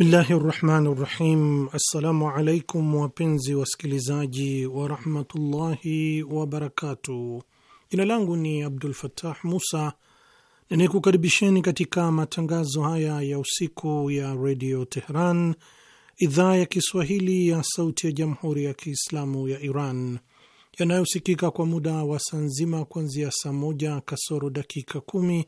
Bismillahi rrahmani rrahim. Assalamu alaikum wapenzi wasikilizaji warahmatullahi wabarakatuh. Jina langu ni Abdul fatah Musa ninayekukaribisheni katika matangazo haya ya usiku ya redio Tehran, idhaa ya Kiswahili ya sauti ya jamhuri ya Kiislamu ya Iran yanayosikika kwa muda wa saa nzima kuanzia saa moja kasoro dakika kumi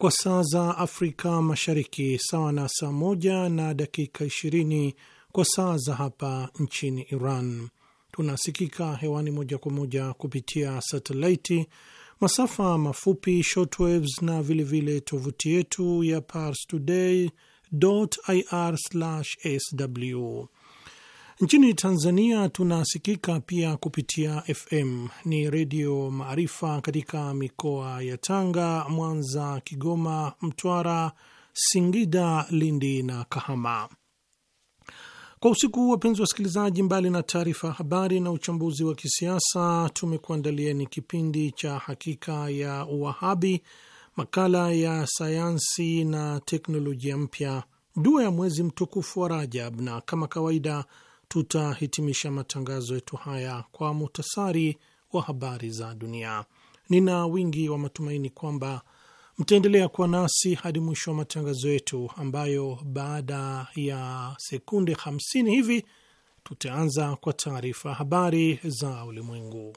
kwa saa za Afrika Mashariki, sawa na saa moja na dakika 20 kwa saa za hapa nchini Iran. Tunasikika hewani moja kwa moja kupitia satelaiti, masafa mafupi shortwaves, na vilevile tovuti yetu ya Pars Today ir sw Nchini Tanzania tunasikika pia kupitia FM ni Redio Maarifa katika mikoa ya Tanga, Mwanza, Kigoma, Mtwara, Singida, Lindi na Kahama. Kwa usiku huu, wapenzi wasikilizaji, mbali na taarifa ya habari na uchambuzi wa kisiasa, tumekuandalieni kipindi cha Hakika ya Uwahabi, makala ya sayansi na teknolojia mpya, dua ya mwezi mtukufu wa Rajab, na kama kawaida tutahitimisha matangazo yetu haya kwa muhtasari wa habari za dunia. Nina wingi wa matumaini kwamba mtaendelea kuwa nasi hadi mwisho wa matangazo yetu, ambayo baada ya sekunde 50 hivi tutaanza kwa taarifa habari za ulimwengu.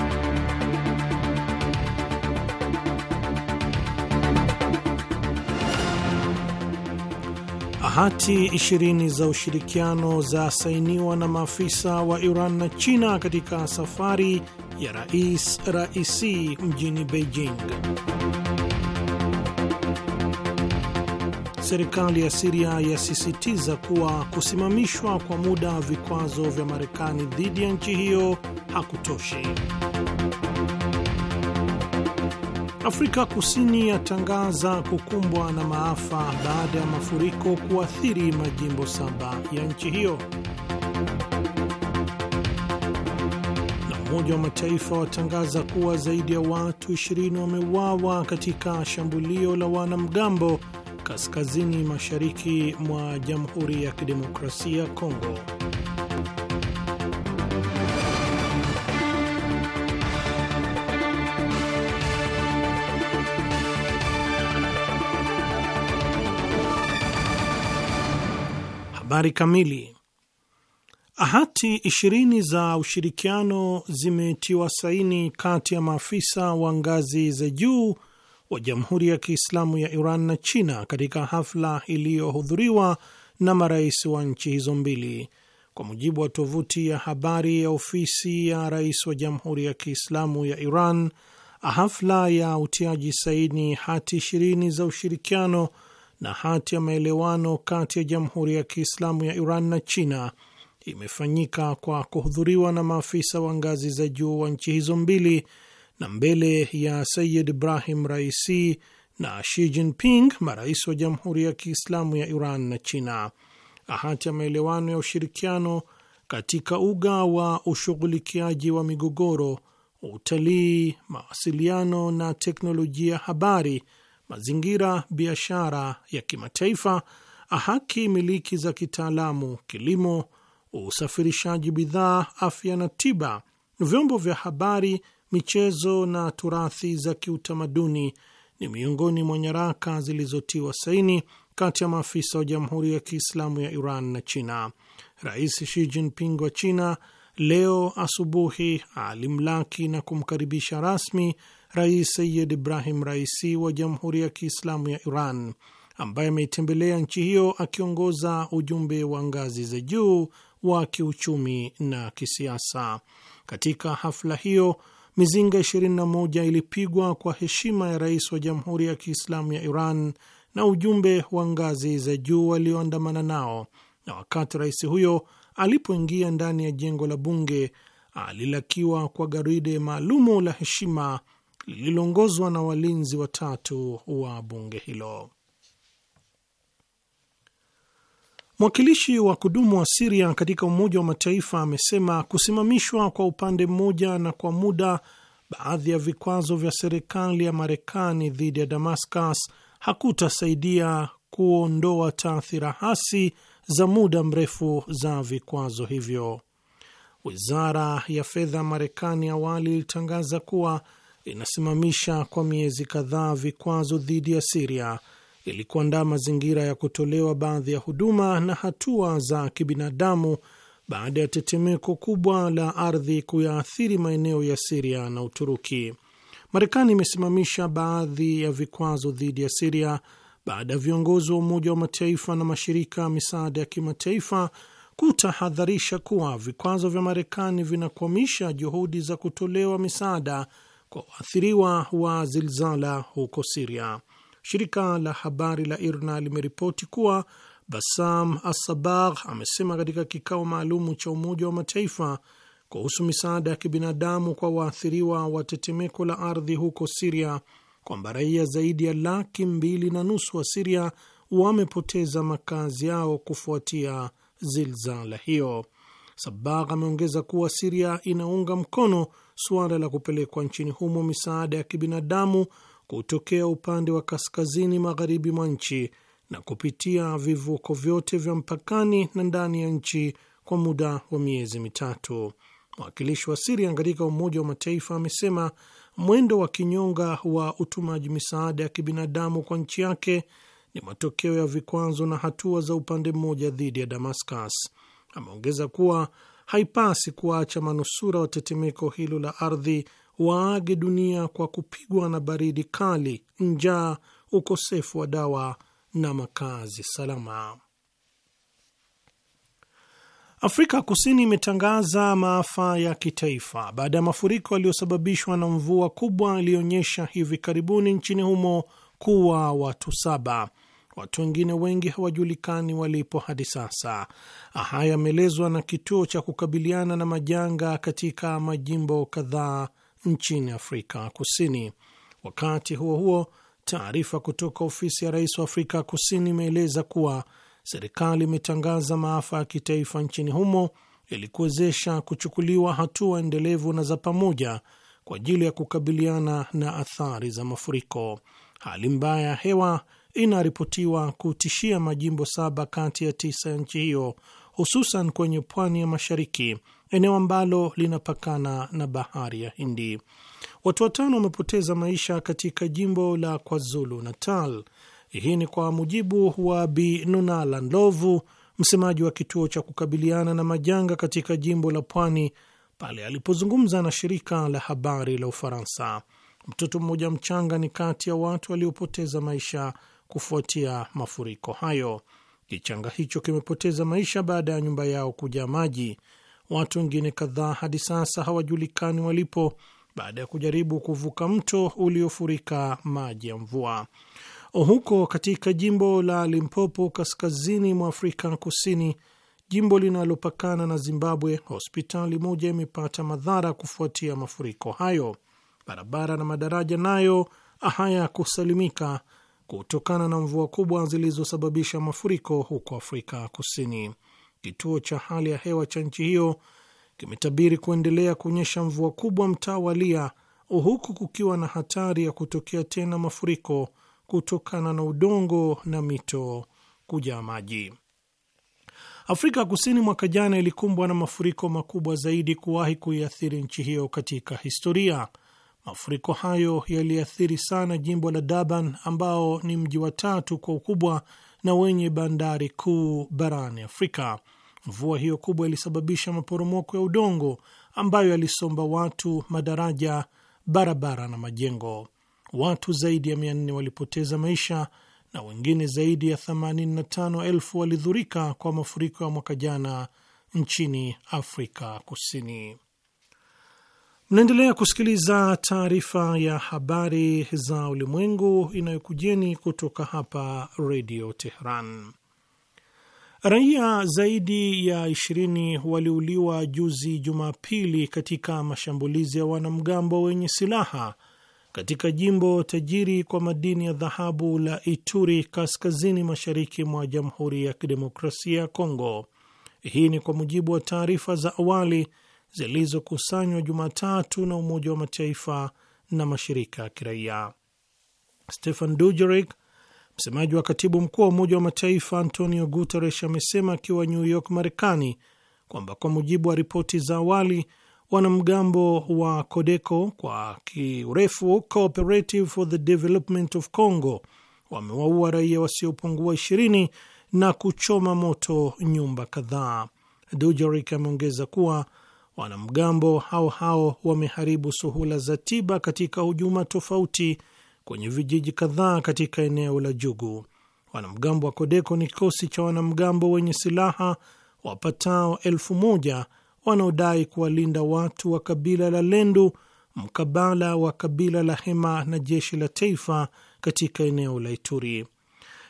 Hati ishirini za ushirikiano za sainiwa na maafisa wa Iran na China katika safari ya Rais Raisi mjini Beijing. Serikali ya Siria yasisitiza kuwa kusimamishwa kwa muda vikwazo vya Marekani dhidi ya nchi hiyo hakutoshi. Afrika Kusini yatangaza kukumbwa na maafa baada ya mafuriko kuathiri majimbo saba ya nchi hiyo. Na Umoja wa Mataifa watangaza kuwa zaidi ya watu 20 wameuawa katika shambulio la wanamgambo kaskazini mashariki mwa Jamhuri ya Kidemokrasia Kongo. Habari kamili. Hati ishirini za ushirikiano zimetiwa saini kati ya maafisa wa ngazi za juu wa Jamhuri ya Kiislamu ya Iran na China katika hafla iliyohudhuriwa na marais wa nchi hizo mbili. Kwa mujibu wa tovuti ya habari ya ofisi ya rais wa Jamhuri ya Kiislamu ya Iran, hafla ya utiaji saini hati ishirini za ushirikiano na hati ya maelewano kati ya Jamhuri ya Kiislamu ya Iran na China imefanyika kwa kuhudhuriwa na maafisa wa ngazi za juu wa nchi hizo mbili na mbele ya Sayid Ibrahim Raisi na Xi Jinping, marais wa Jamhuri ya Kiislamu ya Iran na China. Hati ya maelewano ya ushirikiano katika uga wa ushughulikiaji wa migogoro, utalii, mawasiliano na teknolojia habari mazingira, biashara ya kimataifa, haki miliki za kitaalamu, kilimo, usafirishaji bidhaa, afya na tiba, vyombo vya habari, michezo na turathi za kiutamaduni ni miongoni mwa nyaraka zilizotiwa saini kati ya maafisa wa Jamhuri ya Kiislamu ya Iran na China. Rais Xi Jinping wa China leo asubuhi alimlaki na kumkaribisha rasmi Rais Sayid Ibrahim Raisi wa Jamhuri ya Kiislamu ya Iran, ambaye ameitembelea nchi hiyo akiongoza ujumbe wa ngazi za juu wa kiuchumi na kisiasa. Katika hafla hiyo mizinga 21 ilipigwa kwa heshima ya rais wa Jamhuri ya Kiislamu ya Iran na ujumbe wa ngazi za juu walioandamana nao, na wakati rais huyo alipoingia ndani ya jengo la bunge alilakiwa kwa garide maalumu la heshima lililoongozwa na walinzi watatu wa bunge hilo. Mwakilishi wa kudumu wa Siria katika Umoja wa Mataifa amesema kusimamishwa kwa upande mmoja na kwa muda baadhi ya vikwazo vya serikali ya Marekani dhidi ya Damascus hakutasaidia kuondoa taathira hasi za muda mrefu za vikwazo hivyo. Wizara ya fedha Marekani awali ilitangaza kuwa inasimamisha kwa miezi kadhaa vikwazo dhidi ya Siria ili kuandaa mazingira ya kutolewa baadhi ya huduma na hatua za kibinadamu baada ya tetemeko kubwa la ardhi kuyaathiri maeneo ya Siria na Uturuki. Marekani imesimamisha baadhi ya vikwazo dhidi ya Siria baada ya viongozi wa Umoja wa Mataifa na mashirika ya misaada ya kimataifa kutahadharisha kuwa vikwazo vya Marekani vinakwamisha juhudi za kutolewa misaada kwa waathiriwa wa zilzala huko Siria. Shirika la habari la IRNA limeripoti kuwa Bassam Assabagh amesema katika kikao maalumu cha Umoja wa Mataifa kuhusu misaada ya kibinadamu kwa waathiriwa wa tetemeko la ardhi huko Siria kwamba raia zaidi ya laki mbili na nusu wa Siria wamepoteza makazi yao kufuatia zilzala hiyo. Sabagh ameongeza kuwa Siria inaunga mkono suala la kupelekwa nchini humo misaada ya kibinadamu kutokea upande wa kaskazini magharibi mwa nchi na kupitia vivuko vyote vya mpakani na ndani ya nchi kwa muda wa miezi mitatu. Mwakilishi wa Siria katika Umoja wa Mataifa amesema mwendo wa kinyonga wa utumaji misaada ya kibinadamu kwa nchi yake ni matokeo ya vikwazo na hatua za upande mmoja dhidi ya Damascus. Ameongeza kuwa haipasi kuwaacha manusura wa tetemeko hilo la ardhi waage dunia kwa kupigwa na baridi kali, njaa, ukosefu wa dawa na makazi salama. Afrika Kusini imetangaza maafa ya kitaifa baada ya mafuriko yaliyosababishwa na mvua kubwa iliyonyesha hivi karibuni nchini humo kuwa watu saba. Watu wengine wengi hawajulikani walipo hadi sasa. Haya yameelezwa na kituo cha kukabiliana na majanga katika majimbo kadhaa nchini Afrika Kusini. Wakati huo huo, taarifa kutoka ofisi ya rais wa Afrika Kusini imeeleza kuwa serikali imetangaza maafa ya kitaifa nchini humo ili kuwezesha kuchukuliwa hatua endelevu na za pamoja kwa ajili ya kukabiliana na athari za mafuriko. Hali mbaya ya hewa inaripotiwa kutishia majimbo saba kati ya tisa ya nchi hiyo, hususan kwenye pwani ya mashariki, eneo ambalo linapakana na bahari ya Hindi. Watu watano wamepoteza maisha katika jimbo la KwaZulu Natal. Hii ni kwa mujibu wa Bi Nonala Ndlovu, msemaji wa kituo cha kukabiliana na majanga katika jimbo la Pwani, pale alipozungumza na shirika la habari la Ufaransa. Mtoto mmoja mchanga ni kati ya watu waliopoteza maisha kufuatia mafuriko hayo. Kichanga hicho kimepoteza maisha baada ya nyumba yao kujaa maji. Watu wengine kadhaa hadi sasa hawajulikani walipo baada ya kujaribu kuvuka mto uliofurika maji ya mvua. Huko katika jimbo la Limpopo kaskazini mwa Afrika Kusini, jimbo linalopakana na Zimbabwe, hospitali moja imepata madhara kufuatia mafuriko hayo. Barabara na madaraja nayo hayakusalimika kutokana na mvua kubwa zilizosababisha mafuriko huko Afrika Kusini. Kituo cha hali ya hewa cha nchi hiyo kimetabiri kuendelea kuonyesha mvua kubwa mtawalia, huku kukiwa na hatari ya kutokea tena mafuriko kutokana na udongo na mito kujaa maji. Afrika Kusini mwaka jana ilikumbwa na mafuriko makubwa zaidi kuwahi kuiathiri nchi hiyo katika historia, Mafuriko hayo yaliathiri sana jimbo la Durban ambao ni mji wa tatu kwa ukubwa na wenye bandari kuu barani Afrika. Mvua hiyo kubwa ilisababisha maporomoko ya udongo ambayo yalisomba watu, madaraja, barabara na majengo. Watu zaidi ya 400 walipoteza maisha na wengine zaidi ya 85,000 walidhurika kwa mafuriko ya mwaka jana nchini Afrika Kusini. Mnaendelea kusikiliza taarifa ya habari za ulimwengu inayokujeni kutoka hapa redio Tehran. Raia zaidi ya ishirini waliuliwa juzi Jumapili katika mashambulizi ya wanamgambo wenye silaha katika jimbo tajiri kwa madini ya dhahabu la Ituri, kaskazini mashariki mwa Jamhuri ya Kidemokrasia ya Kongo. Hii ni kwa mujibu wa taarifa za awali zilizokusanywa Jumatatu na Umoja wa Mataifa na mashirika ya kiraia. Stefan Dujerik, msemaji wa katibu mkuu wa Umoja wa Mataifa Antonio Guterres, amesema akiwa New York, Marekani, kwamba kwa mujibu wa ripoti za awali wanamgambo wa Codeco kwa kiurefu Cooperative for the Development of Congo wamewaua raia wasiopungua 20 na kuchoma moto nyumba kadhaa. Dujerik ameongeza kuwa Wanamgambo hao hao wameharibu suhula za tiba katika hujuma tofauti kwenye vijiji kadhaa katika eneo la Jugu. Wanamgambo wa Kodeko ni kikosi cha wanamgambo wenye silaha wapatao elfu moja wanaodai kuwalinda watu wa kabila la Lendu mkabala wa kabila la Hema na jeshi la taifa katika eneo la Ituri.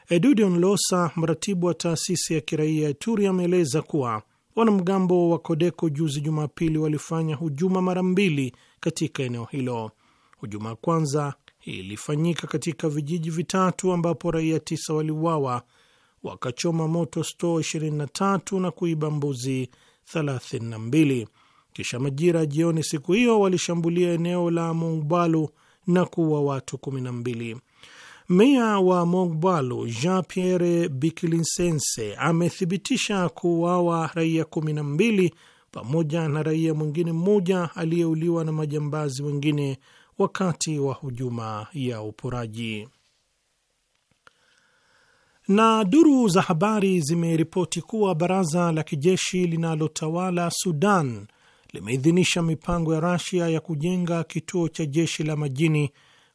Edudion Losa, mratibu wa taasisi ya kiraia Ituri, ameeleza kuwa Wanamgambo wa Kodeko juzi Jumapili walifanya hujuma mara mbili katika eneo hilo. Hujuma ya kwanza ilifanyika katika vijiji vitatu ambapo raia tisa waliuawa, wakachoma moto stoo 23 na kuiba mbuzi 32. Kisha majira ya jioni siku hiyo walishambulia eneo la Mungbalu na kuua watu 12. Meya wa Mogbalu Jean Pierre Bikilinsense amethibitisha kuuawa raia kumi na mbili pamoja na raia mwingine mmoja aliyeuliwa na majambazi wengine wakati wa hujuma ya uporaji. Na duru za habari zimeripoti kuwa baraza la kijeshi linalotawala Sudan limeidhinisha mipango ya Rasia ya kujenga kituo cha jeshi la majini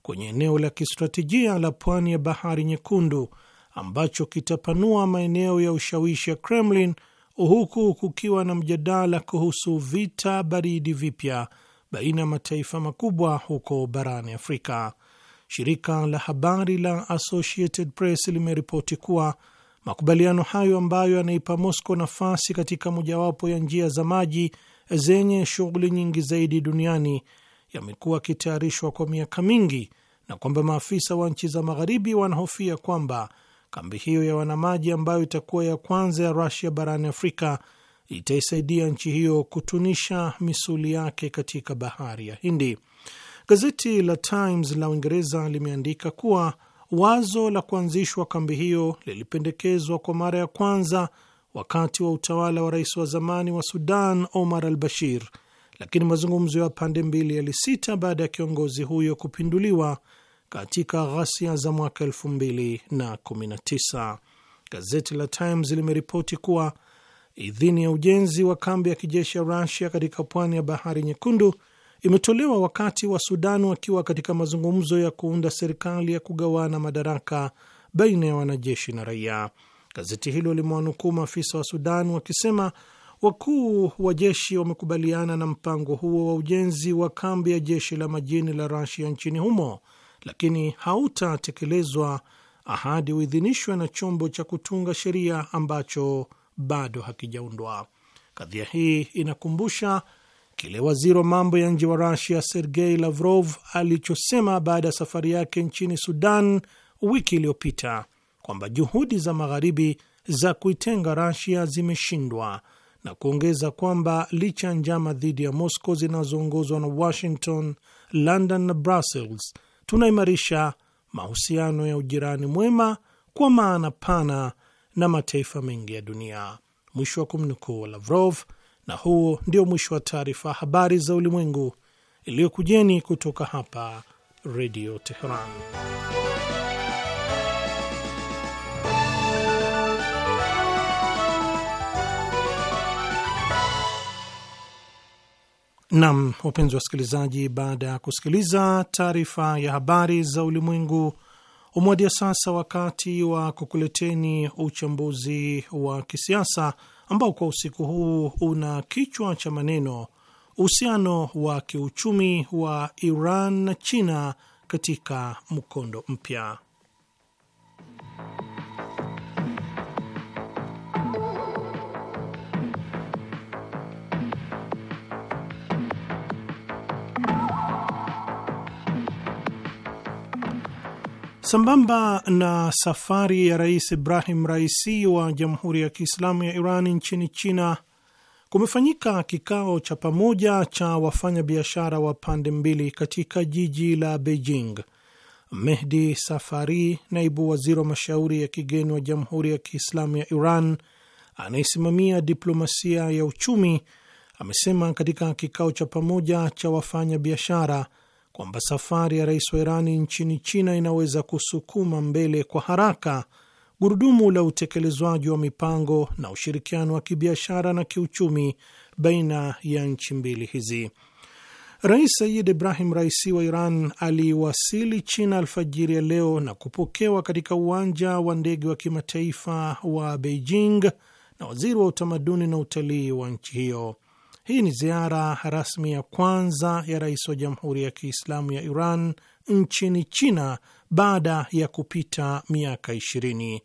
kwenye eneo la kistratejia la pwani ya bahari Nyekundu ambacho kitapanua maeneo ya ushawishi ya Kremlin huku kukiwa na mjadala kuhusu vita baridi vipya baina ya mataifa makubwa huko barani Afrika. Shirika la habari la Associated Press limeripoti kuwa makubaliano hayo ambayo yanaipa Moscow nafasi katika mojawapo ya njia za maji zenye shughuli nyingi zaidi duniani yamekuwa yakitayarishwa kwa miaka mingi na kwamba maafisa wa nchi za magharibi wanahofia kwamba kambi hiyo ya wanamaji ambayo itakuwa ya kwanza ya Rusia barani Afrika itaisaidia nchi hiyo kutunisha misuli yake katika bahari ya Hindi. Gazeti la Times la Uingereza limeandika kuwa wazo la kuanzishwa kambi hiyo lilipendekezwa kwa mara ya kwanza wakati wa utawala wa rais wa zamani wa Sudan Omar al Bashir lakini mazungumzo ya pande mbili yalisita baada ya kiongozi huyo kupinduliwa katika ghasia za mwaka tisa. Gazeti la Times limeripoti kuwa idhini ya ujenzi wa kambi ya kijeshi ya Rusia katika pwani ya bahari Nyekundu imetolewa wakati wa Sudan wakiwa katika mazungumzo ya kuunda serikali ya kugawana madaraka baina ya wanajeshi na raia. Gazeti hilo limewanukuu maafisa wa Sudan wakisema Wakuu wa jeshi wamekubaliana na mpango huo wa ujenzi wa kambi ya jeshi la majini la Rasia nchini humo, lakini hautatekelezwa ahadi huidhinishwe na chombo cha kutunga sheria ambacho bado hakijaundwa. Kadhia hii inakumbusha kile waziri wa mambo ya nje wa Rasia Sergei Lavrov alichosema baada ya safari yake nchini Sudan wiki iliyopita kwamba juhudi za Magharibi za kuitenga Rasia zimeshindwa na kuongeza kwamba licha ya njama dhidi ya Moscow zinazoongozwa na Washington, London na Brussels, tunaimarisha mahusiano ya ujirani mwema kwa maana pana na mataifa mengi ya dunia. Mwisho wa kumnukuu Lavrov. Na huo ndio mwisho wa taarifa habari za ulimwengu iliyokujeni kutoka hapa Redio Teheran. Nam, wapenzi wasikilizaji, baada ya kusikiliza taarifa ya habari za ulimwengu, umewadia sasa wakati wa kukuleteni uchambuzi wa kisiasa ambao kwa usiku huu una kichwa cha maneno uhusiano wa kiuchumi wa Iran na China katika mkondo mpya. Sambamba na safari ya Rais Ibrahim Raisi wa Jamhuri ya Kiislamu ya Iran nchini China, kumefanyika kikao cha pamoja cha wafanyabiashara wa pande mbili katika jiji la Beijing. Mehdi Safari, naibu waziri wa mashauri ya kigeni wa Jamhuri ya Kiislamu ya Iran anayesimamia diplomasia ya uchumi, amesema katika kikao cha pamoja cha wafanyabiashara kwamba safari ya rais wa Irani nchini China inaweza kusukuma mbele kwa haraka gurudumu la utekelezwaji wa mipango na ushirikiano wa kibiashara na kiuchumi baina ya nchi mbili hizi. Rais Sayid Ibrahim Raisi wa Iran aliwasili China alfajiri ya leo na kupokewa katika uwanja wa ndege wa kimataifa wa Beijing na waziri wa utamaduni na utalii wa nchi hiyo. Hii ni ziara rasmi ya kwanza ya rais wa Jamhuri ya Kiislamu ya Iran nchini China baada ya kupita miaka ishirini.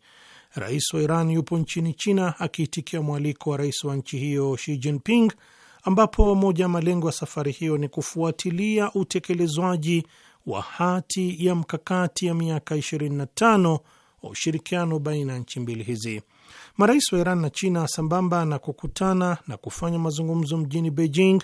Rais wa Iran yupo nchini China akiitikia mwaliko wa rais wa nchi hiyo Xi Jinping, ambapo moja ya malengo ya safari hiyo ni kufuatilia utekelezwaji wa hati ya mkakati ya miaka 25 wa ushirikiano baina ya nchi mbili hizi. Marais wa Iran na China sambamba na kukutana na kufanya mazungumzo mjini Beijing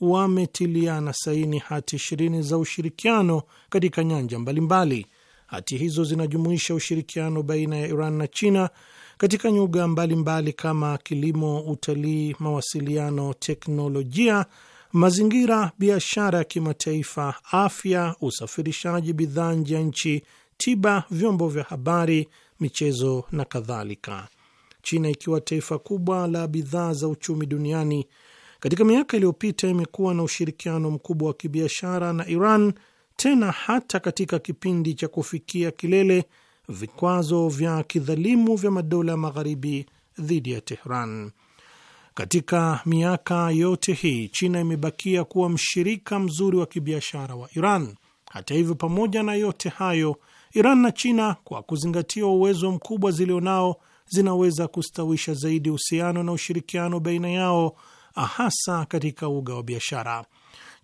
wametiliana saini hati ishirini za ushirikiano katika nyanja mbalimbali. Hati hizo zinajumuisha ushirikiano baina ya Iran na China katika nyuga mbalimbali mbali kama kilimo, utalii, mawasiliano, teknolojia, mazingira, biashara ya kimataifa, afya, usafirishaji bidhaa nje ya nchi, tiba, vyombo vya habari, michezo na kadhalika. China ikiwa taifa kubwa la bidhaa za uchumi duniani, katika miaka iliyopita imekuwa na ushirikiano mkubwa wa kibiashara na Iran, tena hata katika kipindi cha kufikia kilele vikwazo vya kidhalimu vya madola magharibi dhidi ya Tehran. Katika miaka yote hii China imebakia kuwa mshirika mzuri wa kibiashara wa Iran. Hata hivyo, pamoja na yote hayo, Iran na China, kwa kuzingatia uwezo mkubwa zilionao, zinaweza kustawisha zaidi uhusiano na ushirikiano baina yao, hasa katika uga wa biashara.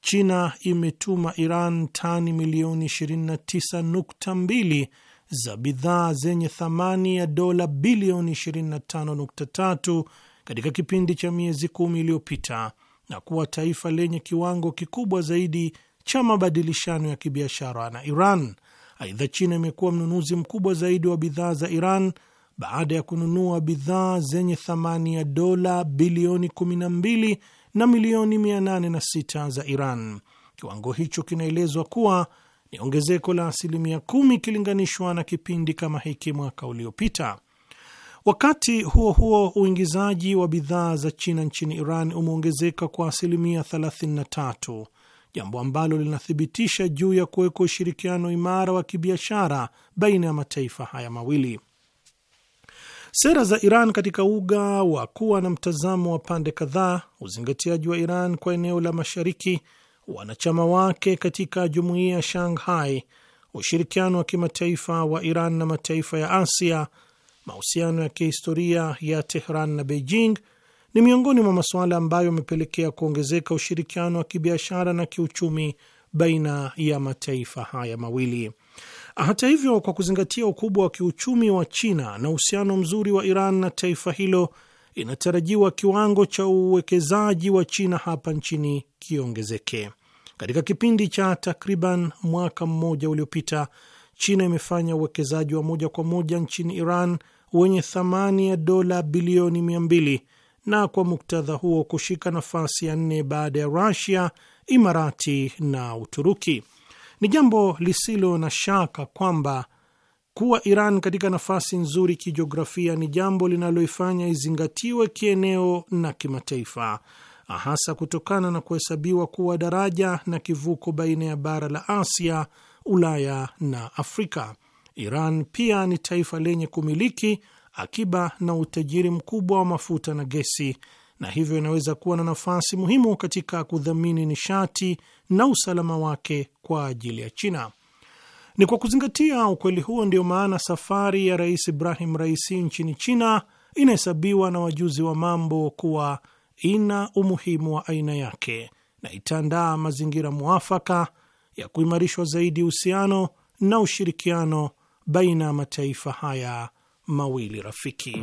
China imetuma Iran tani milioni 29.2 za bidhaa zenye thamani ya dola bilioni 25.3 katika kipindi cha miezi kumi iliyopita na kuwa taifa lenye kiwango kikubwa zaidi cha mabadilishano ya kibiashara na Iran. Aidha, China imekuwa mnunuzi mkubwa zaidi wa bidhaa za Iran baada ya kununua bidhaa zenye thamani ya dola bilioni 12 na milioni 806 za Iran. Kiwango hicho kinaelezwa kuwa ni ongezeko la asilimia kumi ikilinganishwa na kipindi kama hiki mwaka uliopita. Wakati huo huo, uingizaji wa bidhaa za China nchini Iran umeongezeka kwa asilimia 33, jambo ambalo linathibitisha juu ya kuwekwa ushirikiano imara wa kibiashara baina ya mataifa haya mawili. Sera za Iran katika uga wa kuwa na mtazamo wa pande kadhaa, uzingatiaji wa Iran kwa eneo la mashariki, wanachama wake katika jumuiya ya Shanghai, ushirikiano wa kimataifa wa Iran na mataifa ya Asia, mahusiano ya kihistoria ya Tehran na Beijing ni miongoni mwa masuala ambayo yamepelekea kuongezeka ushirikiano wa kibiashara na kiuchumi baina ya mataifa haya mawili. Hata hivyo, kwa kuzingatia ukubwa wa kiuchumi wa China na uhusiano mzuri wa Iran na taifa hilo, inatarajiwa kiwango cha uwekezaji wa China hapa nchini kiongezeke. Katika kipindi cha takriban mwaka mmoja uliopita, China imefanya uwekezaji wa moja kwa moja nchini Iran wenye thamani ya dola bilioni mia mbili na kwa muktadha huo kushika nafasi ya nne baada ya Rusia, Imarati na Uturuki. Ni jambo lisilo na shaka kwamba kuwa Iran katika nafasi nzuri kijiografia ni jambo linaloifanya izingatiwe kieneo na kimataifa, hasa kutokana na kuhesabiwa kuwa daraja na kivuko baina ya bara la Asia, Ulaya na Afrika. Iran pia ni taifa lenye kumiliki akiba na utajiri mkubwa wa mafuta na gesi na hivyo inaweza kuwa na nafasi muhimu katika kudhamini nishati na usalama wake kwa ajili ya China. Ni kwa kuzingatia ukweli huo ndio maana safari ya Rais Ibrahim Raisi nchini China inahesabiwa na wajuzi wa mambo kuwa ina umuhimu wa aina yake na itaandaa mazingira mwafaka ya kuimarishwa zaidi uhusiano na ushirikiano baina ya mataifa haya mawili rafiki.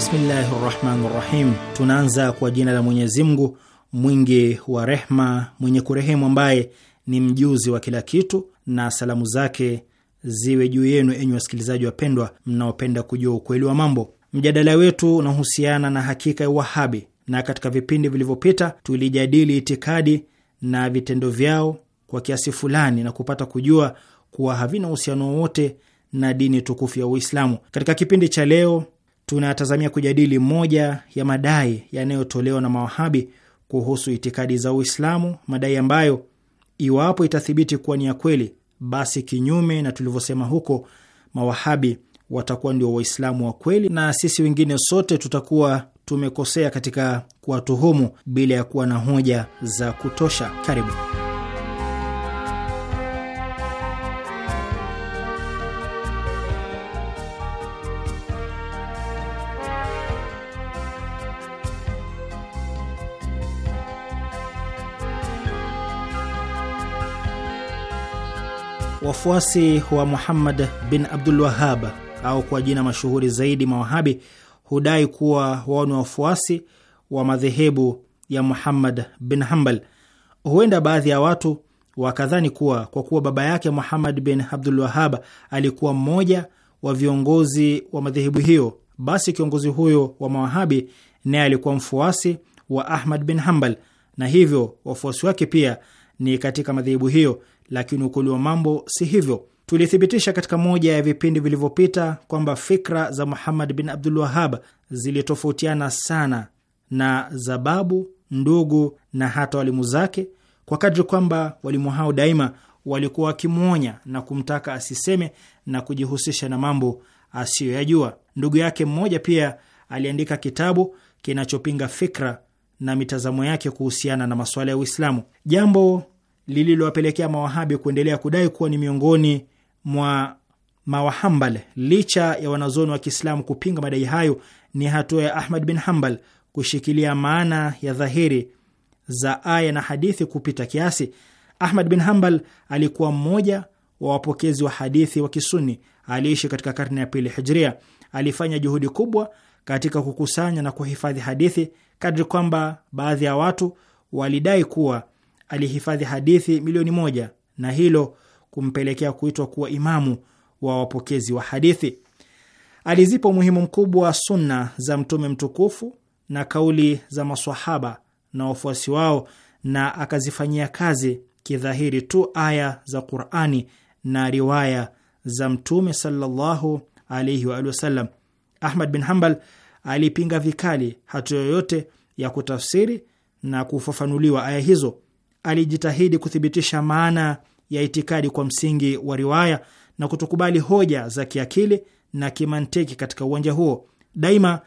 Bismillahi rahmani rahim. Tunaanza kwa jina la Mwenyezi Mungu mwingi wa rehma, mwenye kurehemu, ambaye ni mjuzi wa kila kitu, na salamu zake ziwe juu yenu, enyi wasikilizaji wapendwa, mnaopenda kujua ukweli wa mambo. Mjadala wetu unahusiana na hakika ya Wahabi, na katika vipindi vilivyopita tulijadili itikadi na vitendo vyao kwa kiasi fulani na kupata kujua kuwa havina uhusiano wowote na dini tukufu ya Uislamu. Katika kipindi cha leo tunatazamia kujadili moja ya madai yanayotolewa na mawahabi kuhusu itikadi za Uislamu, madai ambayo iwapo itathibiti kuwa ni ya kweli, basi kinyume na tulivyosema huko, mawahabi watakuwa ndio Waislamu wa kweli na sisi wengine sote tutakuwa tumekosea katika kuwatuhumu bila ya kuwa na hoja za kutosha. Karibu. Wafuasi wa Muhammad bin Abdul Wahab au kwa jina mashuhuri zaidi Mawahabi hudai kuwa wao ni wafuasi wa madhehebu ya Muhammad bin hambal Huenda baadhi ya watu wakadhani kuwa kwa kuwa baba yake Muhammad bin Abdul Wahab alikuwa mmoja wa viongozi wa madhehebu hiyo, basi kiongozi huyo wa Mawahabi naye alikuwa mfuasi wa Ahmad bin hambal na hivyo wafuasi wake pia ni katika madhehebu hiyo, lakini ukweli wa mambo si hivyo. Tulithibitisha katika moja ya vipindi vilivyopita kwamba fikra za Muhammad bin Abdul Wahab zilitofautiana sana na za babu, ndugu na hata walimu zake, kwa kadri kwamba walimu hao daima walikuwa wakimwonya na kumtaka asiseme na kujihusisha na mambo asiyoyajua. Ndugu yake mmoja pia aliandika kitabu kinachopinga fikra na mitazamo yake kuhusiana na masuala ya Uislamu, jambo lililowapelekea mawahabi kuendelea kudai kuwa ni miongoni mwa mawahambal. Licha ya wanazuoni wa Kiislamu kupinga madai hayo, ni hatua ya Ahmad bin Hambal kushikilia maana ya dhahiri za aya na hadithi kupita kiasi. Ahmad bin Hambal alikuwa mmoja wa wapokezi wa hadithi wa Kisuni. Aliishi katika karne ya pili Hijria. Alifanya juhudi kubwa katika kukusanya na kuhifadhi hadithi kadri kwamba baadhi ya watu walidai kuwa alihifadhi hadithi milioni moja na hilo kumpelekea kuitwa kuwa imamu wa wapokezi wa hadithi. Alizipa umuhimu mkubwa wa sunna za Mtume mtukufu na kauli za maswahaba na wafuasi wao na akazifanyia kazi kidhahiri tu aya za Qur'ani na riwaya za Mtume sallallahu alaihi wa wasallam. Ahmad bin Hambal alipinga vikali hatua yoyote ya kutafsiri na kufafanuliwa aya hizo alijitahidi kuthibitisha maana ya itikadi kwa msingi wa riwaya na kutokubali hoja za kiakili na kimanteki katika uwanja huo. Daima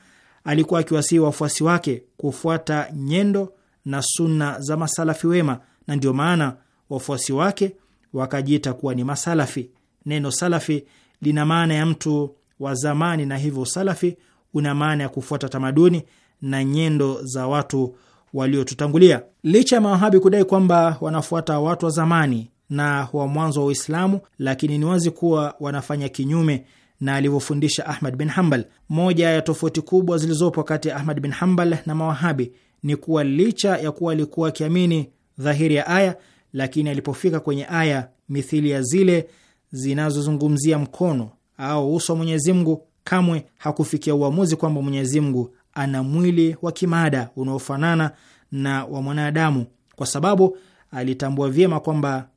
alikuwa akiwasihi wafuasi wake kufuata nyendo na sunna za masalafi wema, na ndio maana wafuasi wake wakajiita kuwa ni masalafi. Neno salafi lina maana ya mtu wa zamani, na hivyo salafi una maana ya kufuata tamaduni na nyendo za watu waliotutangulia. Licha ya mawahabi kudai kwamba wanafuata watu wa zamani na wa mwanzo wa Uislamu, lakini ni wazi kuwa wanafanya kinyume na alivyofundisha Ahmad bin Hambal. Moja ya tofauti kubwa zilizopo kati ya Ahmad bin Hambal na mawahabi ni kuwa licha ya kuwa alikuwa akiamini dhahiri ya aya, lakini alipofika kwenye aya mithili ya zile zinazozungumzia mkono au uso wa Mwenyezi Mungu, kamwe hakufikia uamuzi kwamba Mwenyezi Mungu ana mwili wa kimada unaofanana na wa mwanadamu, kwa sababu alitambua vyema kwamba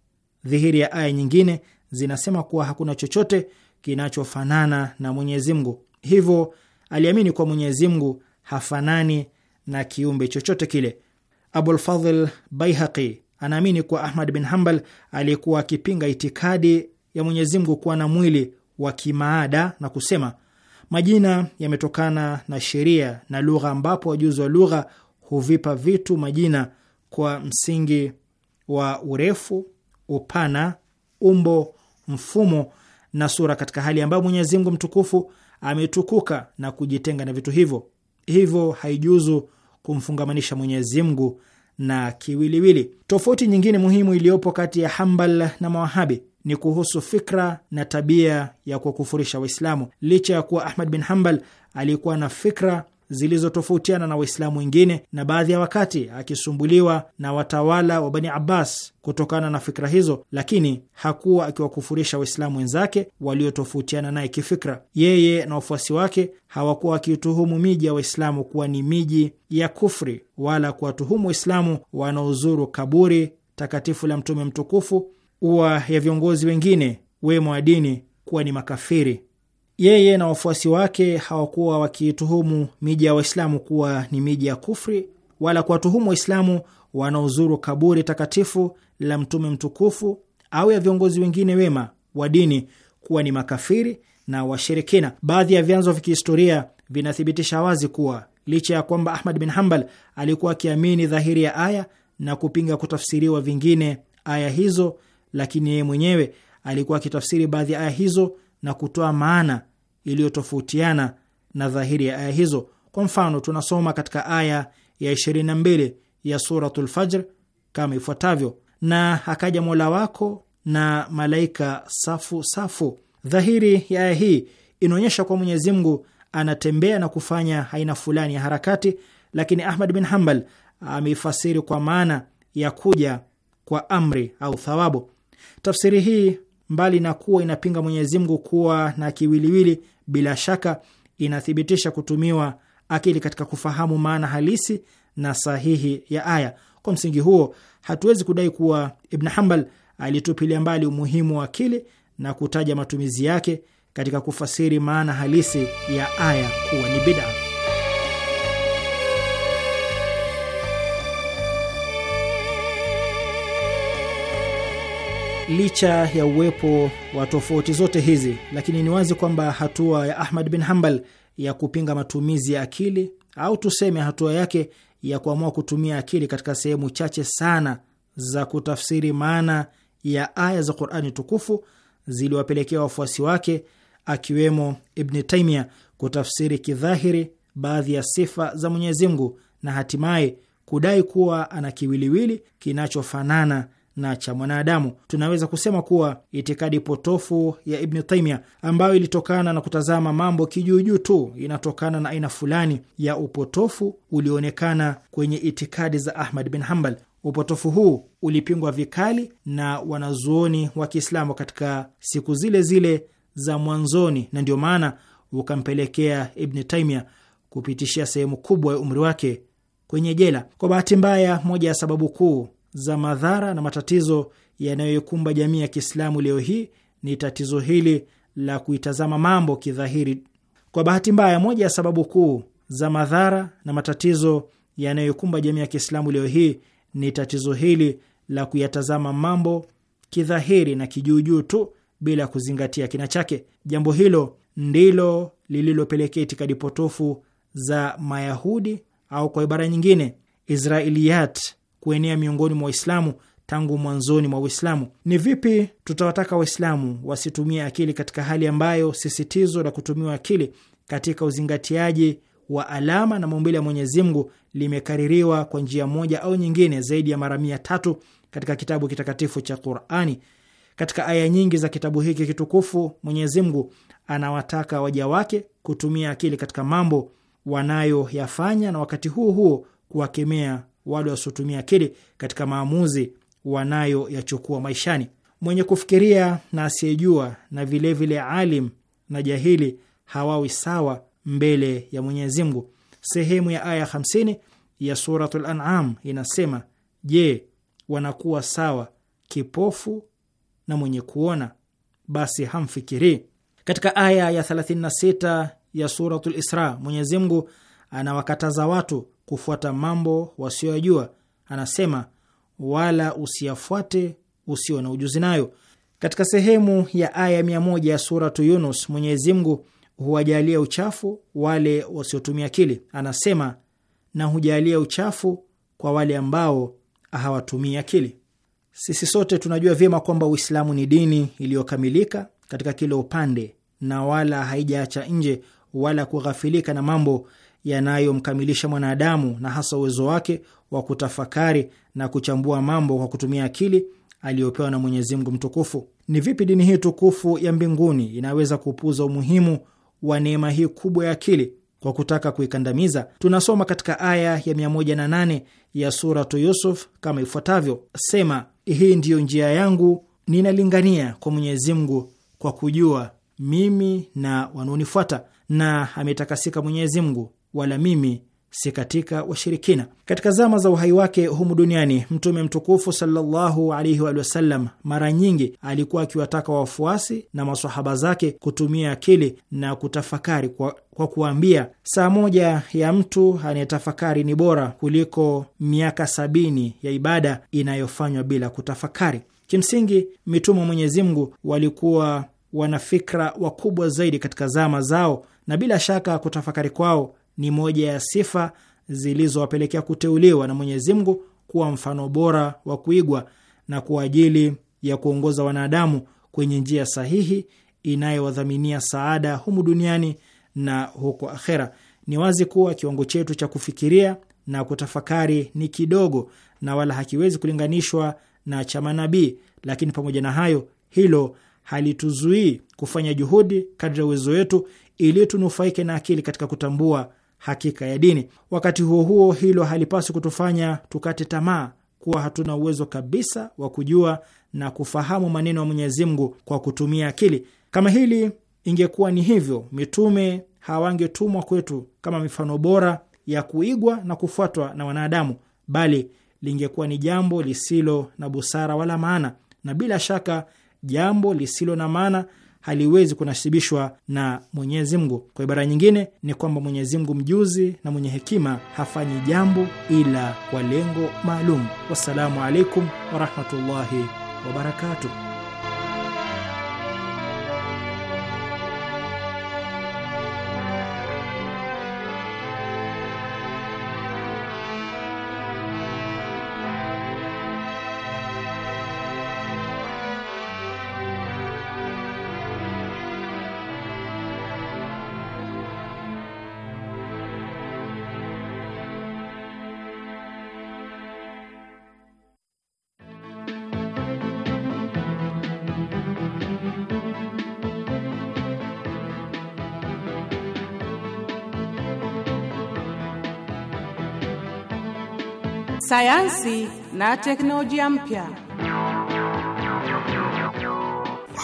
dhihiri ya aya nyingine zinasema kuwa hakuna chochote kinachofanana na Mwenyezi Mungu. Hivyo aliamini kuwa Mwenyezi Mungu hafanani na kiumbe chochote kile. Abulfadhl Baihaqi anaamini kuwa Ahmad bin Hambal alikuwa akipinga itikadi ya Mwenyezi Mungu kuwa na mwili wa kimaada na kusema Majina yametokana na sheria na lugha, ambapo wajuzi wa lugha huvipa vitu majina kwa msingi wa urefu, upana, umbo, mfumo na sura, katika hali ambayo Mwenyezi Mungu mtukufu ametukuka na kujitenga na vitu hivyo. Hivyo haijuzu kumfungamanisha Mwenyezi Mungu na kiwiliwili. Tofauti nyingine muhimu iliyopo kati ya Hambal na Mawahabi ni kuhusu fikra na tabia ya kuwakufurisha Waislamu. Licha ya kuwa Ahmad bin hambal alikuwa na fikra zilizotofautiana na Waislamu wengine na baadhi ya wakati akisumbuliwa na watawala wa Bani Abbas kutokana na fikra hizo, lakini hakuwa akiwakufurisha Waislamu wenzake waliotofautiana naye kifikra. Yeye na wafuasi wake hawakuwa wakituhumu miji ya Waislamu kuwa ni miji ya kufri wala kuwatuhumu Waislamu wanaozuru kaburi takatifu la Mtume mtukufu ua ya viongozi wengine wema wa dini kuwa ni makafiri. Yeye na wafuasi wake hawakuwa wakituhumu miji ya Waislamu kuwa ni miji ya kufri wala kuwatuhumu Waislamu wanaozuru kaburi takatifu la Mtume mtukufu au ya viongozi wengine wema wa dini kuwa ni makafiri na washirikina. Baadhi ya vyanzo vya kihistoria vinathibitisha wazi kuwa licha ya kwamba Ahmad bin hambal alikuwa akiamini dhahiri ya aya na kupinga kutafsiriwa vingine aya hizo lakini yeye mwenyewe alikuwa akitafsiri baadhi ya aya hizo na kutoa maana iliyotofautiana na dhahiri ya aya hizo. Kwa mfano, tunasoma katika aya ya 22 ya Suratul Fajr kama ifuatavyo: na akaja Mola wako na malaika safu safu. Dhahiri ya aya hii inaonyesha kuwa Mwenyezi Mungu anatembea na kufanya aina fulani ya harakati, lakini Ahmad bin Hambal ameifasiri kwa maana ya kuja kwa amri au thawabu. Tafsiri hii mbali na kuwa inapinga Mwenyezi Mungu kuwa na kiwiliwili, bila shaka inathibitisha kutumiwa akili katika kufahamu maana halisi na sahihi ya aya. Kwa msingi huo, hatuwezi kudai kuwa Ibn Hanbal alitupilia mbali umuhimu wa akili na kutaja matumizi yake katika kufasiri maana halisi ya aya kuwa ni bidaa. Licha ya uwepo wa tofauti zote hizi, lakini ni wazi kwamba hatua ya Ahmad bin Hanbal ya kupinga matumizi ya akili au tuseme hatua yake ya kuamua kutumia akili katika sehemu chache sana za kutafsiri maana ya aya za Qur'ani tukufu ziliwapelekea wafuasi wake akiwemo Ibni Taimia kutafsiri kidhahiri baadhi ya sifa za Mwenyezi Mungu na hatimaye kudai kuwa ana kiwiliwili kinachofanana na cha mwanadamu. Tunaweza kusema kuwa itikadi potofu ya Ibni Taimia ambayo ilitokana na kutazama mambo kijuujuu tu inatokana na aina fulani ya upotofu ulioonekana kwenye itikadi za Ahmad bin hambal Upotofu huu ulipingwa vikali na wanazuoni wa Kiislamu katika siku zile zile za mwanzoni, na ndio maana ukampelekea Ibni Taimia kupitishia sehemu kubwa ya umri wake kwenye jela. Kwa bahati mbaya, moja ya sababu kuu za madhara na matatizo yanayoikumba jamii ya Kiislamu leo hii ni tatizo hili la kuitazama mambo kidhahiri. Kwa bahati mbaya, moja ya sababu kuu za madhara na matatizo yanayoikumba jamii ya Kiislamu leo hii ni tatizo hili la kuyatazama mambo kidhahiri na kijuujuu tu bila kuzingatia kina chake. Jambo hilo ndilo lililopelekea itikadi potofu za Mayahudi au kwa ibara nyingine Israiliyat kuenea miongoni mwa Waislamu tangu mwanzoni mwa Uislamu. Ni vipi tutawataka Waislamu wasitumie akili katika hali ambayo sisitizo la kutumiwa akili katika uzingatiaji wa alama na maumbile ya Mwenyezi Mungu limekaririwa kwa njia moja au nyingine zaidi ya mara mia tatu katika kitabu kitakatifu cha Qur'ani. Katika aya nyingi za kitabu hiki kitukufu, Mwenyezi Mungu anawataka waja wake kutumia akili katika mambo wanayoyafanya na wakati huo huo kuwakemea wale wasiotumia akili katika maamuzi wanayoyachukua maishani. Mwenye kufikiria na asiyejua na vilevile vile alim na jahili hawawi sawa mbele ya Mwenyezi Mungu. Sehemu ya aya 50 ya Suratul An'am inasema, je, wanakuwa sawa kipofu na mwenye kuona? Basi hamfikirii. Katika aya ya 36 ya Suratul Isra, Mwenyezi Mungu anawakataza watu kufuata mambo wasioyajua. Anasema wala usiyafuate usio na ujuzi nayo. Katika sehemu ya aya mia moja ya suratu Yunus, Mwenyezi Mungu huwajalia uchafu wale wasiotumia akili. Anasema na hujalia uchafu kwa wale ambao hawatumii akili. Sisi sote tunajua vyema kwamba Uislamu ni dini iliyokamilika katika kila upande na wala haijaacha nje wala kughafilika na mambo yanayomkamilisha mwanadamu na hasa uwezo wake wa kutafakari na kuchambua mambo kwa kutumia akili aliyopewa na Mwenyezi Mungu mtukufu. Ni vipi dini hii tukufu ya mbinguni inaweza kupuuza umuhimu wa neema hii kubwa ya akili kwa kutaka kuikandamiza? Tunasoma katika aya ya 108 ya Suratu Yusuf kama ifuatavyo: Sema, hii ndiyo njia yangu, ninalingania kwa Mwenyezi Mungu kwa kujua mimi na wanaonifuata, na ametakasika Mwenyezi Mungu wala mimi si katika washirikina. Katika zama za uhai wake humu duniani, Mtume mtukufu sallallahu alaihi wa sallam mara nyingi alikuwa akiwataka wafuasi na masahaba zake kutumia akili na kutafakari kwa, kwa kuambia saa moja ya mtu anayetafakari ni bora kuliko miaka sabini ya ibada inayofanywa bila kutafakari. Kimsingi, mitume wa Mwenyezi Mungu walikuwa wanafikra wakubwa zaidi katika zama zao, na bila shaka kutafakari kwao ni moja ya sifa zilizowapelekea kuteuliwa na Mwenyezi Mungu kuwa mfano bora wa kuigwa na kwa ajili ya kuongoza wanadamu kwenye njia sahihi inayowadhaminia saada humu duniani na huko akhera. Ni wazi kuwa kiwango chetu cha kufikiria na kutafakari ni kidogo na wala hakiwezi kulinganishwa na cha manabii, lakini pamoja na hayo, hilo halituzuii kufanya juhudi kadri ya uwezo wetu ili tunufaike na akili katika kutambua hakika ya dini. Wakati huo huo, hilo halipaswi kutufanya tukate tamaa kuwa hatuna uwezo kabisa wa kujua na kufahamu maneno ya Mwenyezi Mungu kwa kutumia akili. Kama hili ingekuwa ni hivyo, mitume hawangetumwa kwetu kama mifano bora ya kuigwa na kufuatwa na wanadamu, bali lingekuwa ni jambo lisilo na busara wala maana, na bila shaka jambo lisilo na maana haliwezi kunasibishwa na Mwenyezi Mungu. Kwa ibara nyingine ni kwamba Mwenyezi Mungu mjuzi na mwenye hekima hafanyi jambo ila kwa lengo maalum. Wassalamu alaikum warahmatullahi wabarakatuh. sayansi na teknolojia mpya.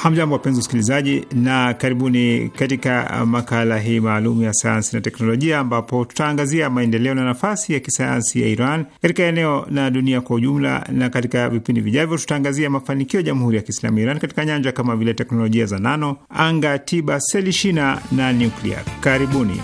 Hamjambo, wapenzi wasikilizaji, na karibuni katika makala hii maalum ya sayansi na teknolojia, ambapo tutaangazia maendeleo na nafasi ya kisayansi ya Iran katika eneo na dunia kwa ujumla. Na katika vipindi vijavyo, tutaangazia mafanikio ya Jamhuri ya Kiislamu ya Iran katika nyanja kama vile teknolojia za nano, anga, tiba, seli shina na nyuklia. Karibuni.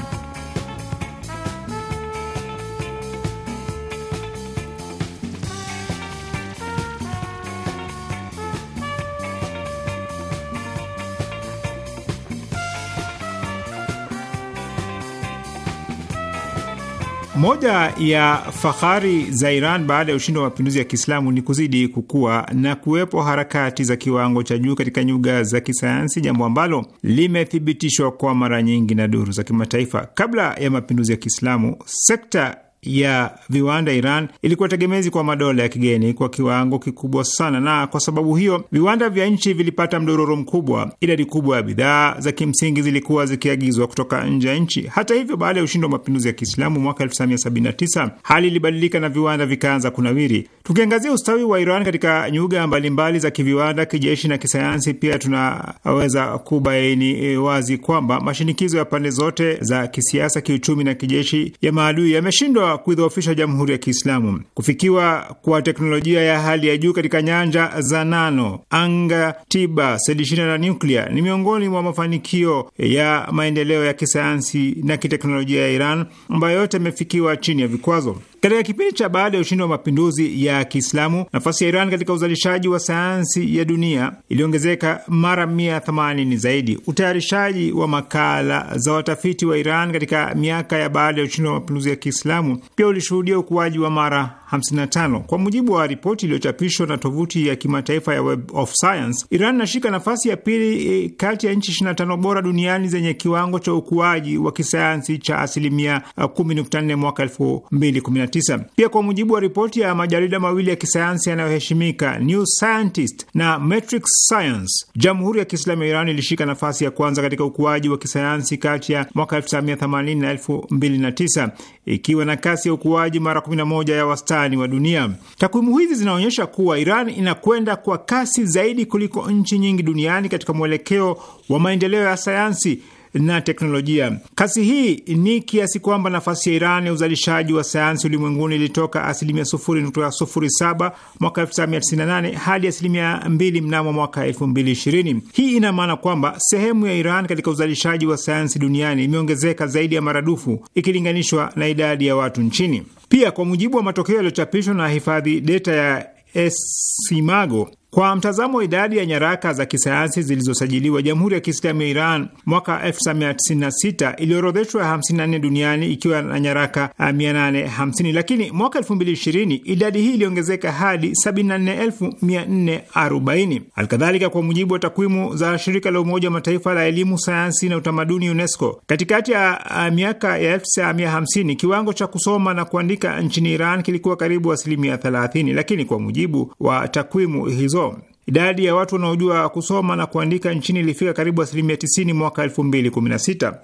Moja ya fahari za Iran baada ya ushindi wa mapinduzi ya Kiislamu ni kuzidi kukua na kuwepo harakati za kiwango cha juu katika nyuga za kisayansi, jambo ambalo limethibitishwa kwa mara nyingi na duru za kimataifa. Kabla ya mapinduzi ya Kiislamu, sekta ya viwanda Iran ilikuwa tegemezi kwa madola ya kigeni kwa kiwango kikubwa sana, na kwa sababu hiyo viwanda vya nchi vilipata mdororo mkubwa. Idadi kubwa ya bidhaa za kimsingi zilikuwa zikiagizwa kutoka nje ya nchi. Hata hivyo, baada ya ushindi wa mapinduzi ya Kiislamu mwaka 1979 hali ilibadilika na viwanda vikaanza kunawiri. Tukiangazia ustawi wa Iran katika nyuga mbalimbali za kiviwanda, kijeshi na kisayansi, pia tunaweza kubaini e, wazi kwamba mashinikizo ya pande zote za kisiasa, kiuchumi na kijeshi ya maadui yameshindwa kuidhoofisha Jamhuri ya Kiislamu. Kufikiwa kwa teknolojia ya hali ya juu katika nyanja za nano, anga, tiba, selishina na nyuklia ni miongoni mwa mafanikio ya maendeleo ya kisayansi na kiteknolojia ya Iran ambayo yote yamefikiwa chini ya vikwazo. Katika kipindi cha baada ya ushindi wa mapinduzi ya Kiislamu, nafasi ya Iran katika uzalishaji wa sayansi ya dunia iliongezeka mara 180 zaidi. Utayarishaji wa makala za watafiti wa Iran katika miaka ya baada ya ushindi wa mapinduzi ya Kiislamu pia ulishuhudia ukuaji wa mara 55. Kwa mujibu wa ripoti iliyochapishwa na tovuti ya kimataifa ya Web of Science, Iran inashika nafasi ya pili e, kati ya nchi 25 bora duniani zenye kiwango cha ukuaji wa kisayansi cha asilimia 10.4 mwaka 2015. 19 Pia kwa mujibu wa ripoti ya majarida mawili ya kisayansi yanayoheshimika New Scientist na Matrix Science, Jamhuri ya Kiislamu ya Iran ilishika nafasi ya kwanza katika ukuaji wa kisayansi kati ya mwaka 1980 na 2009 ikiwa na kasi ya ukuaji mara 11 ya wastani wa dunia. Takwimu hizi zinaonyesha kuwa Iran inakwenda kwa kasi zaidi kuliko nchi nyingi duniani katika mwelekeo wa maendeleo ya sayansi na teknolojia. Kasi hii ni kiasi kwamba nafasi ya Iran ya uzalishaji wa sayansi ulimwenguni ilitoka asilimia 0.07 mwaka 1998 hadi asilimia 2 mnamo mwaka 2020. Hii ina maana kwamba sehemu ya Iran katika uzalishaji wa sayansi duniani imeongezeka zaidi ya maradufu ikilinganishwa na idadi ya watu nchini. Pia kwa mujibu wa matokeo yaliyochapishwa na hifadhi data ya Esimago kwa mtazamo wa idadi ya nyaraka za kisayansi zilizosajiliwa, Jamhuri ya Kiislamu ya Iran mwaka 1996 iliorodheshwa 54 duniani ikiwa na nyaraka 850, ah, lakini mwaka 2020 idadi hii iliongezeka hadi 74440. Alkadhalika, kwa mujibu wa takwimu za shirika la Umoja wa Mataifa la elimu, sayansi na utamaduni UNESCO, katikati ya ah, miaka ya 1950 kiwango cha kusoma na kuandika nchini Iran kilikuwa karibu asilimia 30, lakini kwa mujibu wa takwimu hizo hizo. Idadi ya watu wanaojua kusoma na kuandika nchini ilifika karibu asilimia 90 mwaka 2016.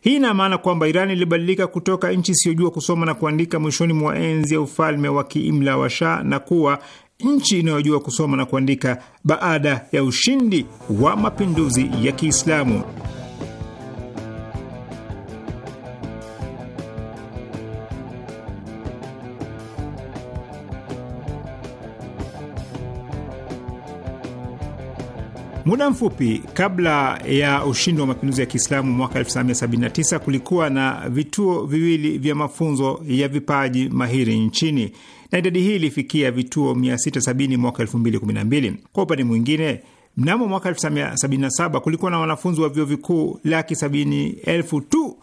Hii ina maana kwamba Iran ilibadilika kutoka nchi isiyojua kusoma na kuandika mwishoni mwa enzi ya ufalme wa kiimla wa Shah na kuwa nchi inayojua kusoma na kuandika baada ya ushindi wa mapinduzi ya Kiislamu. Muda mfupi kabla ya ushindi wa mapinduzi ya Kiislamu mwaka 1979 kulikuwa na vituo viwili vya mafunzo ya vipaji mahiri nchini na idadi hii ilifikia vituo 670 mwaka 2012. Kwa upande mwingine mnamo mwaka 1977 kulikuwa na wanafunzi wa vyuo vikuu laki 7 elfu tu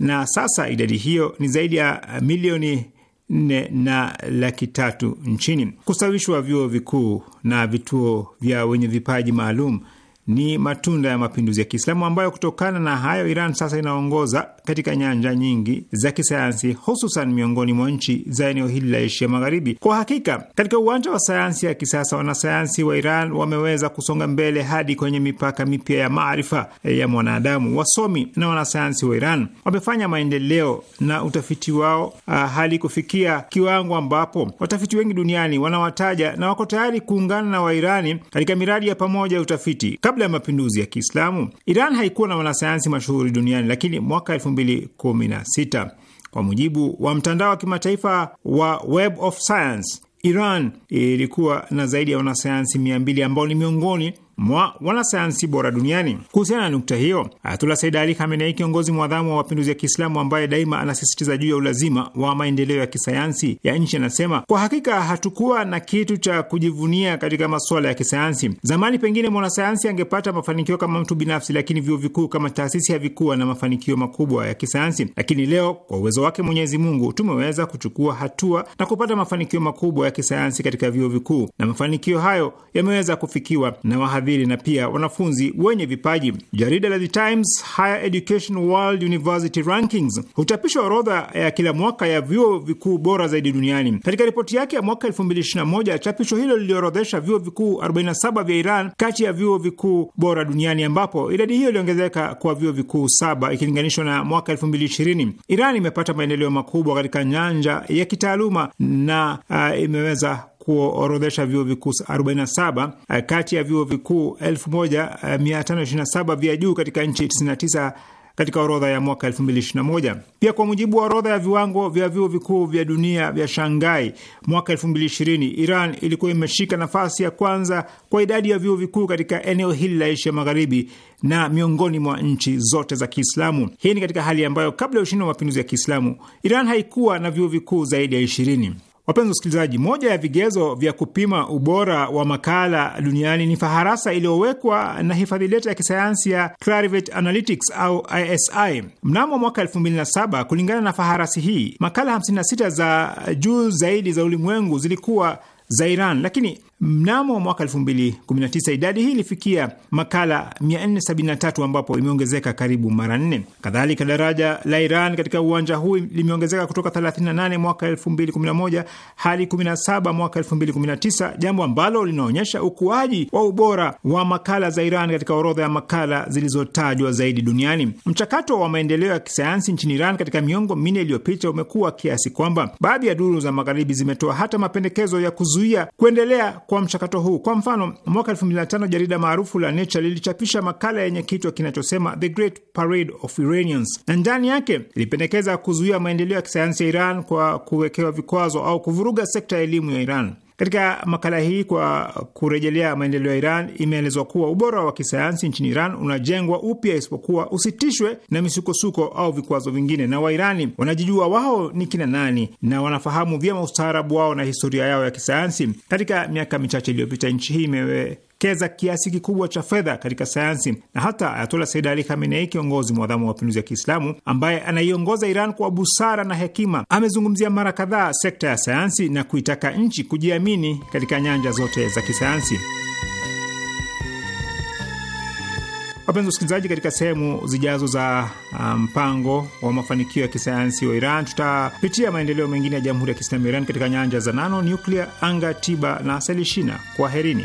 na sasa idadi hiyo ni zaidi ya milioni nne na laki tatu nchini. Kustawishwa vyuo vikuu na vituo vya wenye vipaji maalum ni matunda ya mapinduzi ya Kiislamu ambayo kutokana na hayo Iran sasa inaongoza katika nyanja nyingi za kisayansi, hususan miongoni mwa nchi za eneo hili la Asia Magharibi. Kwa hakika, katika uwanja wa sayansi ya kisasa, wanasayansi wa Iran wameweza kusonga mbele hadi kwenye mipaka mipya ya maarifa ya mwanadamu. Wasomi na wanasayansi wa Iran wamefanya maendeleo na utafiti wao uh, ah, hali kufikia kiwango ambapo watafiti wengi duniani wanawataja na wako tayari kuungana na Wairani katika miradi ya pamoja ya utafiti. Kabla ya mapinduzi ya Kiislamu, Iran haikuwa na wanasayansi mashuhuri duniani, lakini mwaka elfu 2016. Kwa mujibu wa mtandao wa kimataifa wa Web of Science, Iran ilikuwa na zaidi ya wanasayansi 200 ambao ni miongoni mwa wanasayansi bora duniani. Kuhusiana na nukta hiyo, Ayatullah Said Ali Khamenei, kiongozi mwadhamu wa mapinduzi ya Kiislamu ambaye daima anasisitiza juu ya ulazima wa maendeleo ya kisayansi ya nchi, anasema kwa hakika hatukuwa na kitu cha kujivunia katika masuala ya kisayansi. Zamani pengine mwanasayansi angepata mafanikio kama mtu binafsi, lakini vyuo vikuu kama taasisi havikuwa na mafanikio makubwa ya kisayansi. Lakini leo kwa uwezo wake Mwenyezi Mungu tumeweza kuchukua hatua na kupata mafanikio makubwa ya kisayansi katika vyuo vikuu, na mafanikio hayo yameweza kufikiwa na wahadhiri na pia wanafunzi wenye vipaji. Jarida la The Times Higher Education World University Rankings huchapisha orodha ya kila mwaka ya vyuo vikuu bora zaidi duniani. Katika ripoti yake ya mwaka 2021 chapisho hilo liliorodhesha vyuo vikuu 47 vya Iran kati ya vyuo vikuu bora duniani, ambapo idadi hiyo iliongezeka kwa vyuo vikuu saba ikilinganishwa na mwaka 2020. Iran imepata maendeleo makubwa katika nyanja ya kitaaluma na uh, imeweza kuorodhesha vyuo vikuu 47 eh, kati ya vyuo vikuu 1527 vya juu katika nchi 99 katika orodha ya mwaka 2021. Pia kwa mujibu wa orodha ya viwango vya vyuo vikuu vya dunia vya Shanghai mwaka 2020, Iran ilikuwa imeshika nafasi ya kwanza kwa idadi ya vyuo vikuu katika eneo hili la Asia Magharibi na miongoni mwa nchi zote za Kiislamu. Hii ni katika hali ambayo kabla ya ushindi wa mapinduzi ya Kiislamu, Iran haikuwa na vyuo vikuu zaidi ya 20. Wapenzi wasikilizaji, moja ya vigezo vya kupima ubora wa makala duniani ni faharasa iliyowekwa na hifadhi leta ya kisayansi ya Clarivate Analytics au ISI mnamo mwaka 2007. Kulingana na faharasi hii, makala 56 za juu zaidi za ulimwengu zilikuwa za Iran, lakini Mnamo mwaka 2019 idadi hii ilifikia makala 473 ambapo imeongezeka karibu mara nne. Kadhalika, daraja la Iran katika uwanja huu limeongezeka kutoka 38 mwaka 2011 hadi 17 mwaka 2019, jambo ambalo linaonyesha ukuaji wa ubora wa makala za Iran katika orodha ya makala zilizotajwa zaidi duniani. Mchakato wa maendeleo ya kisayansi nchini Iran katika miongo minne iliyopita umekuwa kiasi kwamba baadhi ya duru za magharibi zimetoa hata mapendekezo ya kuzuia kuendelea kwa mchakato huu. Kwa mfano, mwaka 2005 jarida maarufu la Nature lilichapisha makala yenye kichwa kinachosema The Great Parade of Iranians, na ndani yake ilipendekeza kuzuia maendeleo ya kisayansi ya Iran kwa kuwekewa vikwazo au kuvuruga sekta ya elimu ya Iran. Katika makala hii, kwa kurejelea maendeleo ya Iran, imeelezwa kuwa ubora wa kisayansi nchini Iran unajengwa upya, isipokuwa usitishwe na misukosuko au vikwazo vingine, na Wairani wanajijua wao ni kina nani na wanafahamu vyema ustaarabu wao na historia yao ya kisayansi. Katika miaka michache iliyopita, nchi hii imewe kuwekeza kiasi kikubwa cha fedha katika sayansi, na hata Ayatola Said Ali Khamenei, kiongozi mwadhamu wa mapinduzi ya Kiislamu ambaye anaiongoza Iran kwa busara na hekima, amezungumzia mara kadhaa sekta ya sayansi na kuitaka nchi kujiamini katika nyanja zote za kisayansi. Wapenzi wasikilizaji, katika sehemu zijazo za uh, mpango um, wa mafanikio ya kisayansi wa Iran tutapitia maendeleo mengine ya Jamhuri ya Kiislamu ya Iran katika nyanja za nano, nyuklia, anga, tiba na selishina. Kwaherini.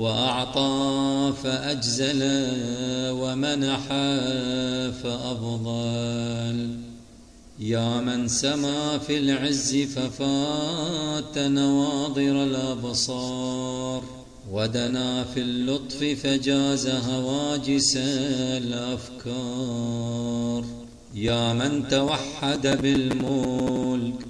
وأعطى فأجزل ومنح فأفضل يا من سما في العز ففات نواضر الأبصار ودنا في اللطف فجاز هواجس الأفكار يا من توحد بالملك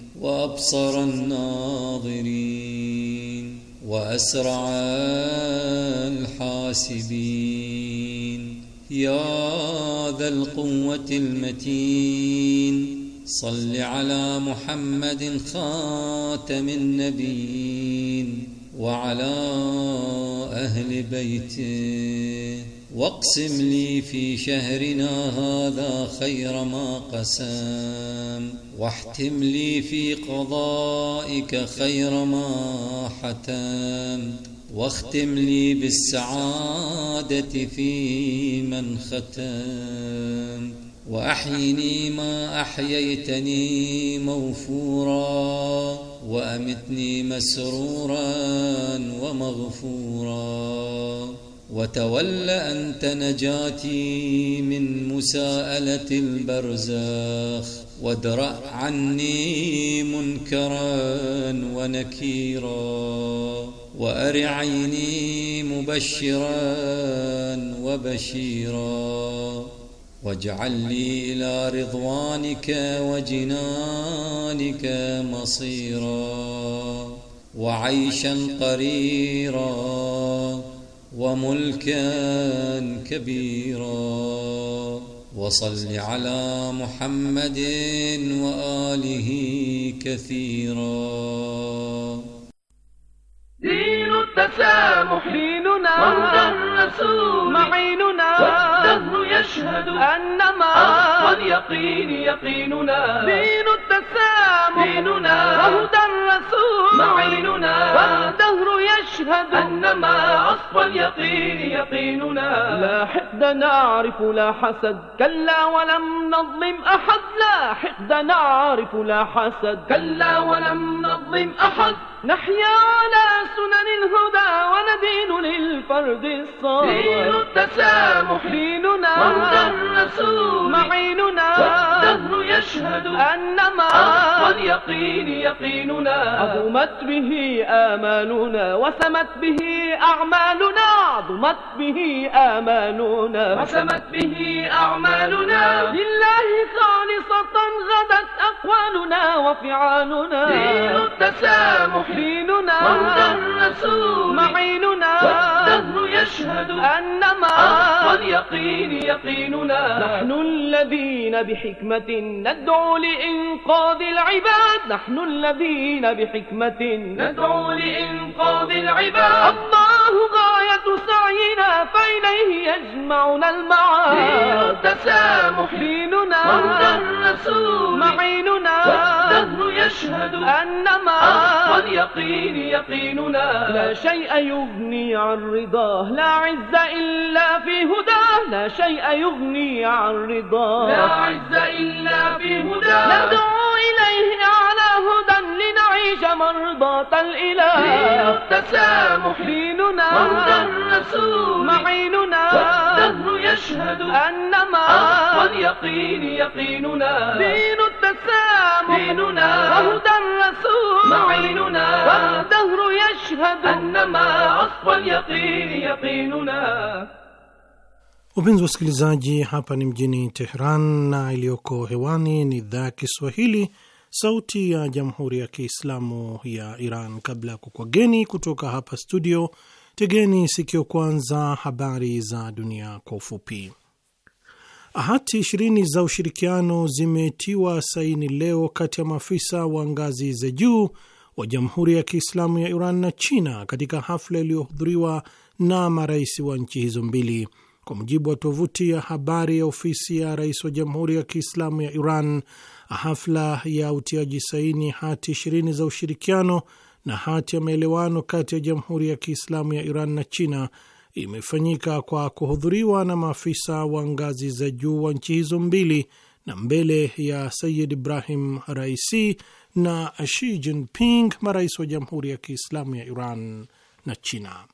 وأبصر الناظرين وأسرع الحاسبين يا ذا القوة المتين صل على محمد خاتم النبيين وعلى أهل بيته واقسم لي في شهرنا هذا خير ما قسم واحتم لي في قضائك خير ما حتم واختم لي بالسعادة في من ختم وأحيني ما أحييتني موفورا وأمتني مسرورا ومغفورا وتول أنت نجاتي من مساءلة البرزخ وادرأ عني منكرا ونكيرا وأر عيني مبشرا وبشيرا واجعل لي إلى رضوانك وجنانك مصيرا وعيشا قريرا وملكا كبيرا وصل على محمد وآله كثيرا دين التسامح ديننا وهدى الرسول معيننا والدهر يشهد أنما اليقين يقيننا دين التسامح ديننا وهدى الرسول معيننا والدهر يشهد أنما عصر اليقين يقيننا لاحق حقد نعرف لا حسد كلا ولم نظلم أحد لا حقد نعرف لا حسد كلا ولم نظلم أحد نحيا على سنن الهدى وندين للفرد الصالح دين التسامح ديننا وهدى الرسول معيننا والدهر يشهد أنما أرض اليقين يقيننا عظمت به آمالنا وسمت به أعمالنا عظمت به آمالنا أعمالنا رسمت به أعمالنا لله خالصة غدت أقوالنا وفعالنا دين التسامح ديننا الرسول معيننا والدهر يشهد أنما اليقين يقيننا نحن الذين بحكمة ندعو لإنقاذ العباد نحن الذين بحكمة ندعو لإنقاذ العباد الله غاية سعينا فإليه يجمع يجمعنا المعاد التسامح ديننا وارضى الرسول معيننا والدهر يشهد أنما اليقين يقيننا لا شيء يغني عن رضاه لا عز إلا في هداه لا شيء يغني عن رضاه لا عز إلا في هداه ندعو إليه على هداه لنعيش مرضاة الإله التسامح ديننا مرضى الرسول معيننا والدهر يشهد أنما أقوى أه، اليقين يقيننا دين التسامح ديننا مرضى الرسول معيننا والدهر يشهد أنما أقوى اليقين يقيننا Wapenzi wasikilizaji, hapa ni mjini Tehran na iliyoko hewani ni idhaa ya Kiswahili sauti ya jamhuri ya kiislamu ya Iran. Kabla ya kukwageni kutoka hapa studio, tegeni sikio kwanza habari za dunia kwa ufupi. Hati ishirini za ushirikiano zimetiwa saini leo kati ya maafisa wa ngazi za juu wa jamhuri ya kiislamu ya Iran na China katika hafla iliyohudhuriwa na marais wa nchi hizo mbili. Kwa mujibu wa tovuti ya habari ya ofisi ya rais wa jamhuri ya kiislamu ya Iran, hafla ya utiaji saini hati ishirini za ushirikiano na hati ya maelewano kati ya Jamhuri ya Kiislamu ya Iran na China imefanyika kwa kuhudhuriwa na maafisa wa ngazi za juu wa nchi hizo mbili na mbele ya Sayid Ibrahim Raisi na Xi Jinping, marais wa Jamhuri ya Kiislamu ya Iran na China.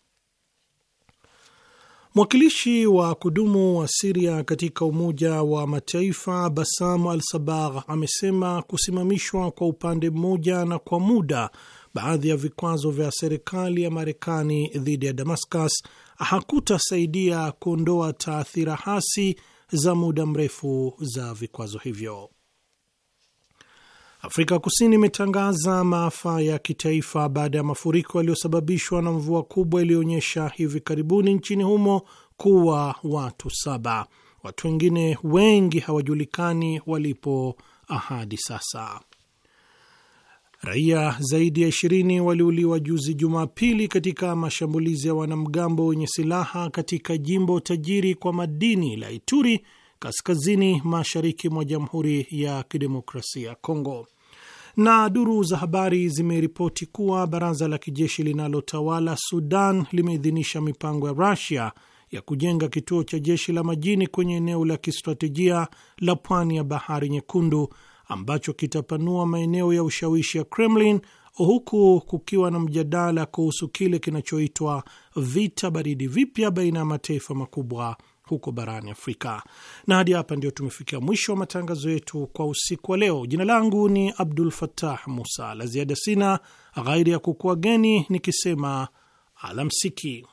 Mwakilishi wa kudumu wa Siria katika Umoja wa Mataifa Basam al sabar amesema kusimamishwa kwa upande mmoja na kwa muda baadhi ya vikwazo vya serikali ya Marekani dhidi ya Damascus hakutasaidia kuondoa taathira hasi za muda mrefu za vikwazo hivyo. Afrika Kusini imetangaza maafa ya kitaifa baada ya mafuriko yaliyosababishwa na mvua kubwa iliyoonyesha hivi karibuni nchini humo kuwa watu saba. Watu wengine wengi hawajulikani walipo ahadi sasa. Raia zaidi ya ishirini waliuliwa juzi Jumapili katika mashambulizi ya wanamgambo wenye silaha katika jimbo tajiri kwa madini la Ituri kaskazini mashariki mwa Jamhuri ya Kidemokrasia ya Kongo. Na duru za habari zimeripoti kuwa baraza la kijeshi linalotawala Sudan limeidhinisha mipango ya Rusia ya kujenga kituo cha jeshi la majini kwenye eneo la kistratejia la pwani ya bahari Nyekundu ambacho kitapanua maeneo ya ushawishi ya Kremlin huku kukiwa na mjadala kuhusu kile kinachoitwa vita baridi vipya baina ya mataifa makubwa huko barani Afrika. Na hadi hapa ndio tumefikia mwisho wa matangazo yetu kwa usiku wa leo. Jina langu ni Abdul Fattah Musa. La ziada sina ghairi ya kukuageni nikisema alamsiki.